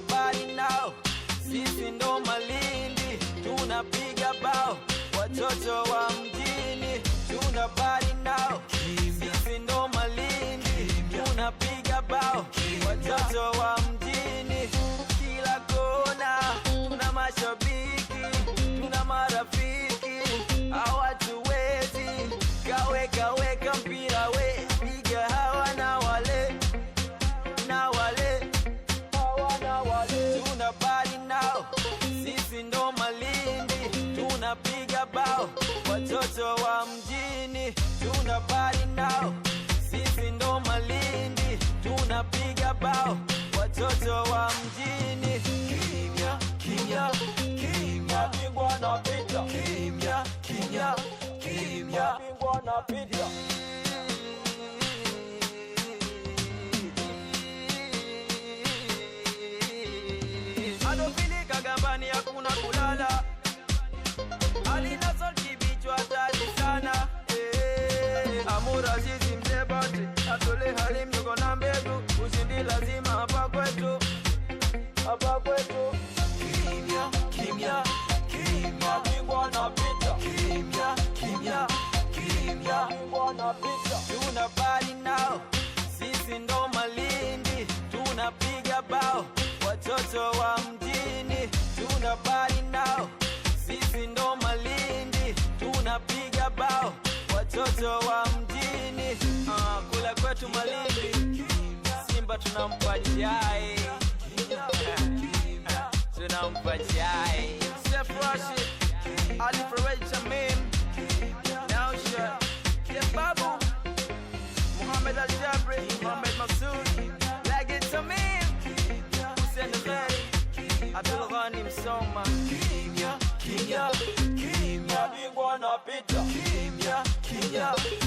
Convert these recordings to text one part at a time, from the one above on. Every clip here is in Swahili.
wanapiga nao, sisi ndo Malindi tunapiga bao watoto wa watoto wa mjini tuna bari nao, sisi ndo Malindi tunapiga bao, watoto wa mjini kimya kimya kimya, pigwa pita kimya kimya kimya, pigwa pita hapa kwetu. Kimya, kimya, kimya, bingwa anapita. Kimya, kimya, kimya, bingwa anapita. Tuna bali nao, sisi ndo Malindi, tunapiga bao watoto wa mjini. Tuna bali nao, sisi ndo Malindi, tunapiga bao watoto wa mjini. Ah, kula kwetu Malindi, Simba tunampa jai All the French mean. Now share. Yeah, babu. Muhammad Al Jabri, Muhammad Masoud. Like it to me. Hussein Ghali. Abdul so much. Kimya, Kimya, Kimya. Big one Kimya, Kimya.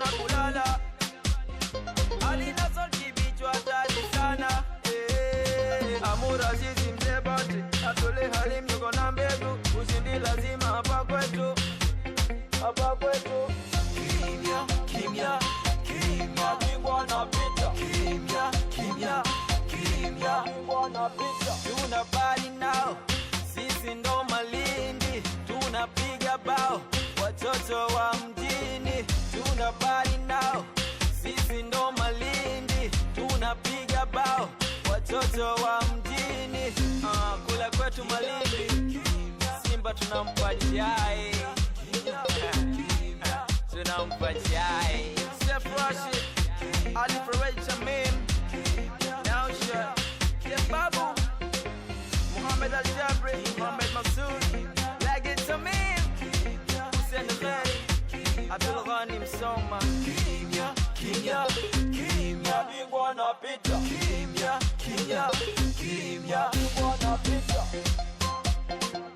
hakuna kulala, alina sol kibichwa tari sana hey. Eh, Amur Azizi mzee bati na mbetu, ushindi lazima hapa kwetu, hapa kwetu. Tuna bali nao sisi ndo Malindi, tunapiga bao watoto wa mji hakuna bali nao, sisi ndo Malindi tunapiga bao, watoto wa mjini ah, kula kwetu Malindi Simba tunampa chai tunampa chai Sefu Rashid, Muhammad Al Jabri, Muhammad Mansur Abdulghani Msoma. Kimya, kimya, kimya, bingwa na pita. Kimya, kimya, kimya, bingwa na pita.